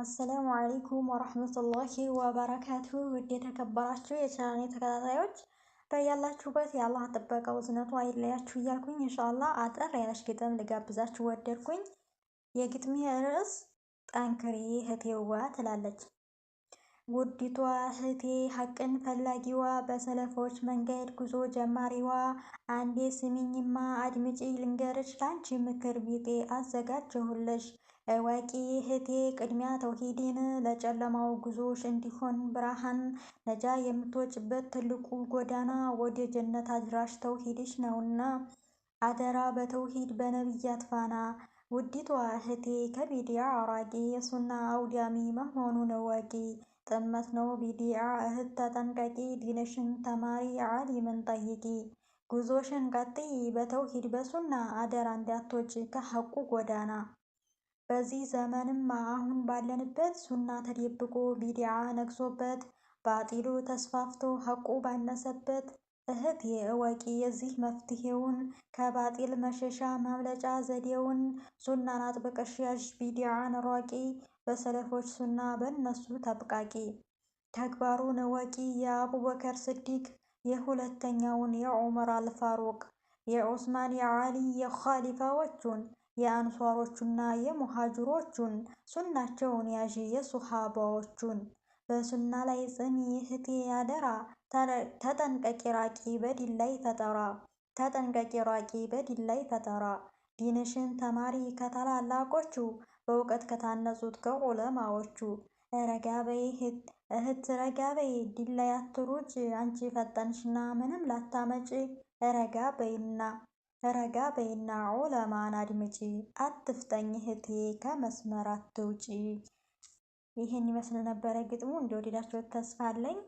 አሰላሙ አለይኩም ወረህመቱላሂ ወበረካቱ ውድ የተከበራችሁ የቻናሌ ተከታታዮች በያላችሁበት የአላህ ጥበቃ ውዝነቱ አይለያችሁ እያልኩኝ እንሻላ አጠር ያለች ግጥም ልጋብዛችሁ ወደድኩኝ። የግጥሜ ርዕስ ጠንክሪ እህቴዋ ትላለች። ውዲቷ እህቴ ሀቅን ፈላጊዋ በሰለፎች መንገድ ጉዞ ጀማሪዋ አንዴ ስሚኝማ አድምጪ ልንገርሽ ላንቺ ምክር ቢጤ አዘጋጀሁልሽ እወቂ እህቴ ቅድሚያ ተውሂድን ለጨለማው ጉዞሽ እንዲሆን ብርሃን ነጃ የምትወጭበት ትልቁ ጎዳና ወደ ጀነት አድራሽ ተውሂድሽ ነውና አደራ በተውሂድ በነቢያት ፋና ውዲቷ እህቴ ከቢዲያ አራቂ የሱና አውዳሚ መሆኑን እወቂ ጥመት ነው ቢዲዓ እህት ተጠንቀቂ፣ ዲንሽን ተማሪ፣ ዓሊምን ጠይቂ፣ ጉዞሽን ቀጥይ፣ በተውሂድ በሱና አደራ እንዳትወጪ ከሐቁ ጎዳና። በዚህ ዘመንም አሁን ባለንበት ሱና ተደብቆ ቢዲዓ ነግሶበት ባጢሉ ተስፋፍቶ ሐቁ ባነሰበት እህት እወቂ የዚህ መፍትሄውን ከባጢል መሸሻ ማምለጫ ዘዴውን ሱናን አጥብቀሽ ያዥ ቢዲዓን ሯቂ በሰለፎች ሱና በእነሱ ተብቃቂ ተግባሩን እወቂ የአቡበከር ስዲቅ የሁለተኛውን የዑመር አልፋሩቅ የዑስማን የዓሊ የኻሊፋዎቹን የአንሷሮቹና የሙሃጅሮቹን ሱናቸውን ያዥ የሱሃባዎቹን በሱና ላይ ጽኒ እህቴ ያደራ ተጠንቀቂ ራቂ በዲን ፈጠራ ተጠንቀቂ ራቂ በዲን ፈጠራ ዲንሽን ተማሪ ከታላላቆቹ በእውቀት ከታነጹት ከዑለማዎቹ ረጋበይ እህት ረጋበይ በይ ዲን ላይ አትሩጭ አንቺ ፈጠንሽና ምንም ላታመጪ ረጋበይና ረጋበይና ዑለማን አድምጪ አትፍጠኝ እህቴ ከመስመር አትውጪ ይህን ይመስል ነበረ ግጥሙ። እንደወደዳችሁት ተስፋ አለኝ።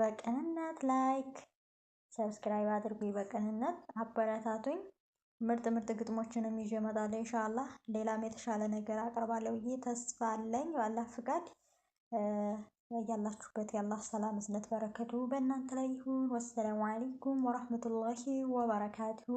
በቅንነት ላይክ ሰብስክራይብ አድርጉ። በቅንነት አበረታቱኝ። ምርጥ ምርጥ ግጥሞችንም ይዤ እመጣለሁ ኢንሻአላህ። ሌላም የተሻለ ነገር አቀርባለሁ ብዬ ተስፋ አለኝ። ባላ ፍቃድ ያላችሁበት የአላህ ሰላም እዝነት በረከቱ በእናንተ ላይ ይሁን። ወሰላሙ አለይኩም ወራህመቱላሂ ወበረካቱሁ